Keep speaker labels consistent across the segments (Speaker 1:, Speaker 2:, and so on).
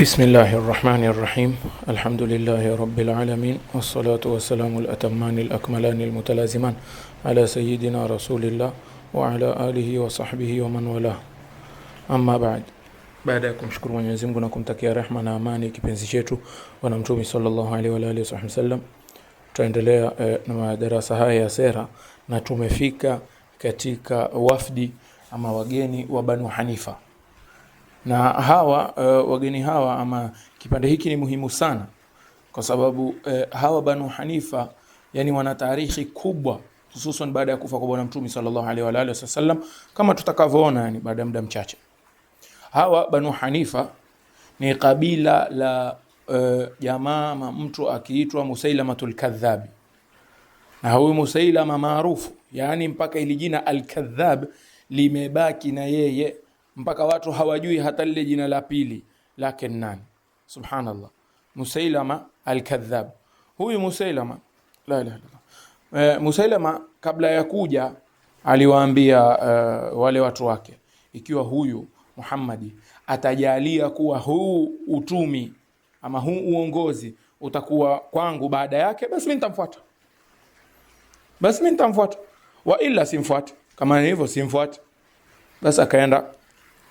Speaker 1: بسم الله rahim الرحيم الحمد alamin رب العالمين alatamani والسلام almutalaziman ala المتلازمان على سيدنا رسول الله وعلى sahbihi وصحبه ومن والاه amma بعد Baada ya kumshukuru Mwenyezi Mungu na kumtakia rehma na amani kipenzi chetu bwana Mtume sallallahu alaihi wa alihi wasallam, tutaendelea eh, na madarasa haya ya sera na tumefika katika wafdi ama wageni wa Banu Hanifa na hawa uh, wageni hawa ama kipande hiki ni muhimu sana kwa sababu uh, hawa Banu Hanifa yani wana taarikhi kubwa hususan baada ya kufa kwa bwana mtume sallallahu alaihi wa alihi wasallam kama tutakavyoona yani baada ya muda mchache. Hawa Banu Hanifa ni kabila la eh, jamaa ma mtu akiitwa Musailamatul Kadhabi, na huyu Musailama maarufu yani mpaka ili jina Al-Kadhab limebaki na yeye mpaka watu hawajui hata lile jina la pili lake nani. Subhanallah, Musailama Alkadhab. Huyu Musailama la ilaha illa E, eh, Musailama kabla ya kuja aliwaambia uh, wale watu wake, ikiwa huyu Muhammadi atajalia kuwa huu utumi ama huu uongozi utakuwa kwangu baada yake, basi mimi nitamfuata, basi mimi nitamfuata, wa ila simfuati, kama hivyo simfuati. Basi akaenda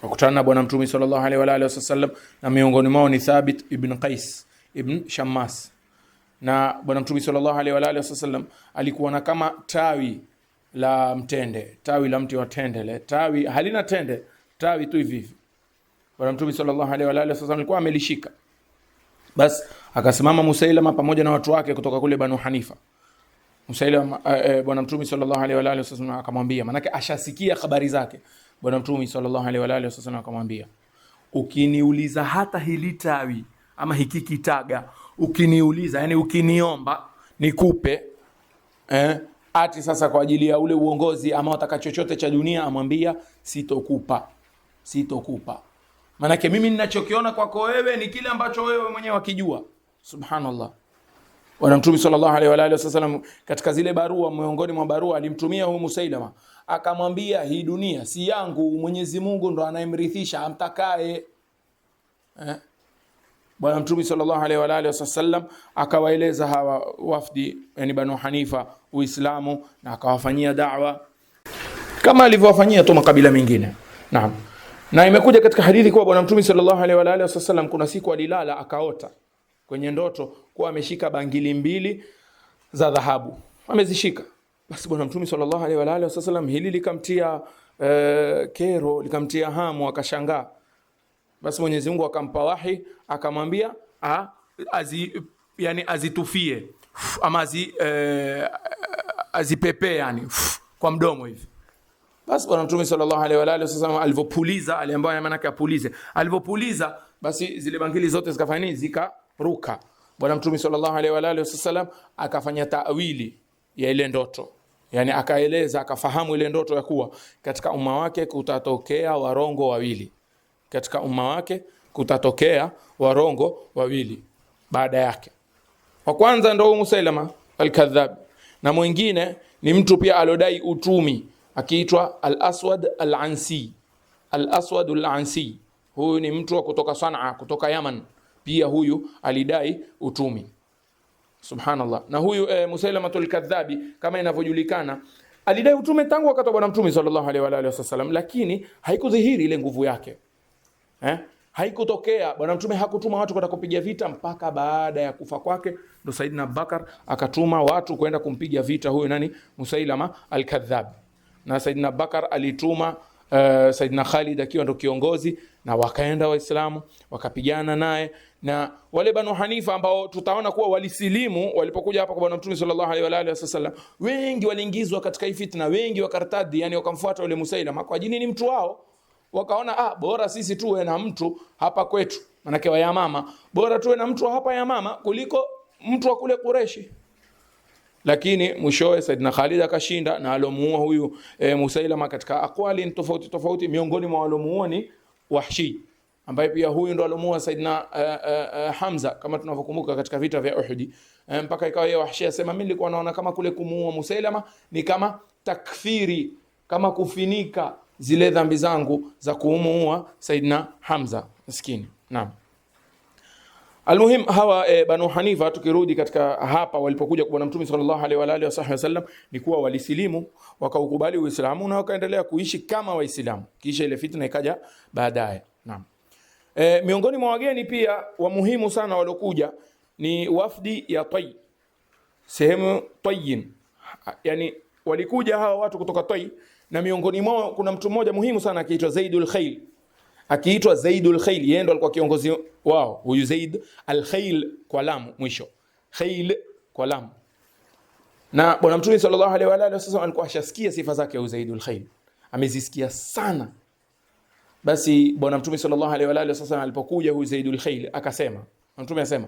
Speaker 1: kakutana na Bwana Mtume sallallahu alaihi wa alihi wasallam, na miongoni mwao ni Thabit ibn Qais ibn Shammas. Na Bwana Mtume sallallahu alaihi wa alihi wasallam alikuwa na kama tawi la mtende, tawi la mti wa tawi halina tende, tawi tu hivi hivi. Bwana Mtume sallallahu alaihi wa alihi wasallam alikuwa amelishika. Bas akasimama Musailama pamoja na watu wake kutoka kule Banu Hanifa. Msaila eh, eh, bwana mtume sallallahu alaihi wa alihi wasallam akamwambia, manake ashasikia habari zake. Bwana mtume sallallahu alaihi wa alihi wasallam akamwambia, ukiniuliza hata hili tawi ama hiki kitaga, ukiniuliza yani ukiniomba nikupe eh, ati sasa kwa ajili ya ule uongozi ama wataka chochote cha dunia, amwambia sitokupa, sitokupa. Manake mimi ninachokiona kwako wewe ni kile ambacho wewe mwenyewe wakijua. Subhanallah. Bwana Mtume sallallahu alaihi wa alihi wasallam katika zile barua, miongoni mwa barua alimtumia huyu Musailama, akamwambia hii dunia si yangu, Mwenyezi Mungu ndo anayemrithisha amtakaye eh? Bwana Mtume sallallahu alaihi wa alihi wasallam akawaeleza hawa wafdi, yani Banu Hanifa, Uislamu na akawafanyia da'wa kama alivyowafanyia tu makabila mengine. Naam. Na imekuja katika hadithi kuwa Bwana Mtume sallallahu alaihi wa alihi wasallam kuna siku alilala akaota kwenye ndoto kuwa ameshika bangili mbili za dhahabu, amezishika. Basi Bwana Mtume sallallahu alaihi wa alihi wasallam, hili likamtia e, kero, likamtia hamu, akashangaa. Basi Mwenyezi Mungu akampa wahi, akamwambia azi, yani azitufie ama azi, e, azipepee yani kwa mdomo hivi. Basi Bwana Mtume sallallahu alaihi wa alihi wasallam alivyopuliza, aliambia maana yake apulize. Alivyopuliza basi zile bangili zote zikafanya nini? Zikaruka. Bwana Mtume sallallahu alaihi wa alihi wasallam akafanya tawili ya ile ndoto, yani akaeleza akafahamu ile ndoto ya kuwa katika umma wake kutatokea warongo wawili, katika umma wake kutatokea warongo wawili baada yake. Wa kwanza ndo Musailama al na mwingine ni mtu pia alodai utumi akiitwa al-Aswad al-Ansi. Al-Aswad al-Ansi huyu ni mtu wa kutoka Sanaa, kutoka Yaman pia huyu alidai utumi. Subhanallah. Na huyu e, eh, Musailamatul Kadhabi kama inavyojulikana alidai utume tangu wakati wa Bwana Mtume sallallahu alaihi wa alihi wasallam, lakini haikudhihiri ile nguvu yake eh? Haikutokea. Bwana Mtume hakutuma watu kwenda kupiga vita mpaka baada ya kufa kwake, ndo Saidina Abubakar akatuma watu kwenda kumpiga vita huyo nani, Musailama Alkadhab. Na Saidina Abubakar alituma uh, eh, Saidina Khalid akiwa ndo kiongozi na wakaenda Waislamu wakapigana naye na wale Banu Hanifa ambao tutaona kuwa walisilimu walipokuja hapa kwa Bwana Mtume sallallahu alaihi wa alihi wasallam, wengi waliingizwa katika hii fitna, wengi wakartadi, yani wakamfuata yule Musailama kwa ajili ni mtu wao, wakaona ah, bora sisi tuwe na mtu hapa kwetu, manake wa Yamama, bora tuwe na mtu hapa Yamama kuliko mtu wa kule Kureshi. Lakini mwishowe Saidina Khalid akashinda, na alomuua huyu e, Musailama katika akwali tofauti tofauti, miongoni mwa walomuoni Wahshi ambaye pia huyu ndo alomua Saidina uh, uh, uh, Hamza kama tunavyokumbuka katika vita vya uhudi uh, mpaka ikawa yeye Wahshi asema mimi nilikuwa naona kama kule kumuua Musailama ni kama takfiri, kama kufinika zile dhambi zangu za kumuua Saidina Hamza maskini. Naam. Almuhim hawa e, Banu Hanifa tukirudi katika hapa walipokuja kwa Mtume sallallahu alaihi wa alihi wasallam ni kuwa walisilimu wakaukubali Uislamu na wakaendelea kuishi kama Waislamu, kisha ile fitna ikaja baadaye. Naam. E, miongoni mwa wageni pia wa muhimu sana waliokuja ni wafdi ya Tay, sehemu Tayin, yani walikuja hawa watu kutoka Tay na miongoni mwao kuna mtu mmoja muhimu sana akiitwa Zaidul Khail akiitwa Zaidul Khail, yeye ndo alikuwa kiongozi wao huyu Zaid al-Khail kwa lamu mwisho. Khail kwa lamu. Na bwana Mtume sallallahu alaihi wa alihi wasallam alikuwa ashasikia sifa zake huyu Zaidul Khail. Amezisikia sana. Basi bwana Mtume sallallahu alaihi wa alihi wasallam alipokuja huyu Zaidul Khail akasema, Mtume asema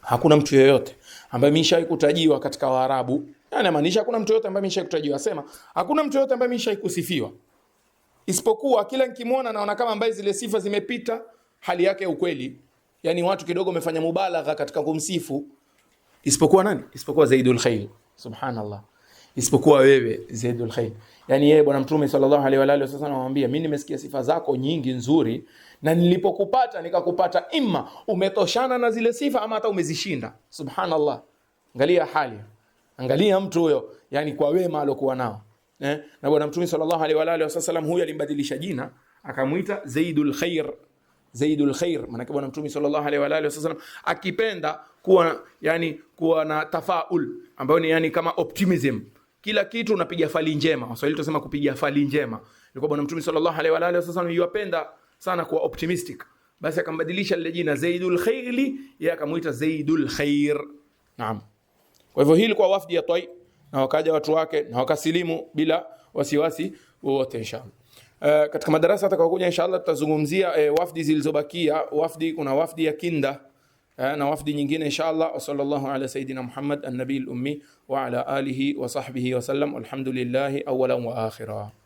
Speaker 1: hakuna mtu yeyote ambaye mishawahi kutajiwa katika Waarabu. yani maanisha hakuna mtu yeyote ambaye mishawahi kutajiwa, asema hakuna mtu yeyote ambaye mishawahi kusifiwa isipokuwa kila nikimwona naona kama ambaye zile sifa zimepita hali yake ya ukweli. Yani watu kidogo wamefanya mubalagha katika kumsifu, isipokuwa nani? Isipokuwa Zaidul Khair, subhanallah, isipokuwa wewe Zaidul Khair. Yani yeye Bwana Mtume sallallahu alaihi wa alihi wasallam anamwambia, mimi nimesikia sifa zako nyingi nzuri, na nilipokupata nikakupata imma umetoshana na zile sifa ama hata umezishinda. Subhanallah, angalia hali, angalia mtu huyo, yani kwa wema alokuwa nao eh, na bwana mtume sallallahu alaihi wa alihi wasallam huyu alimbadilisha jina akamwita Zaidul Khair, Zaidul Khair, maana kwa bwana mtume sallallahu alaihi wa alihi wasallam akipenda kuwa yani kuwa na tafaul ambayo ni yani kama optimism kila kitu unapiga fali njema. Waswahili tunasema kupiga fali njema. Ilikuwa bwana mtume sallallahu alaihi wa alihi wasallam yupenda sana kuwa optimistic, basi akambadilisha lile jina Zaidul Khair, yeye akamuita Zaidul Khair. Naam, kwa hivyo hili kwa wafdi ya Taif na wakaja watu wake na wakasilimu bila wasiwasi wowote inshallah. Uh, katika madarasa atakayokuja inshallah tutazungumzia eh, wafdi zilizobakia. Wafdi kuna wafdi ya Kinda eh, na wafdi nyingine inshallah. Wa sallallahu ala sayidina Muhammad an-nabiy al-ummi wa ala alihi wa sahbihi wa sallam, walhamdulillahi awwalan wa akhira.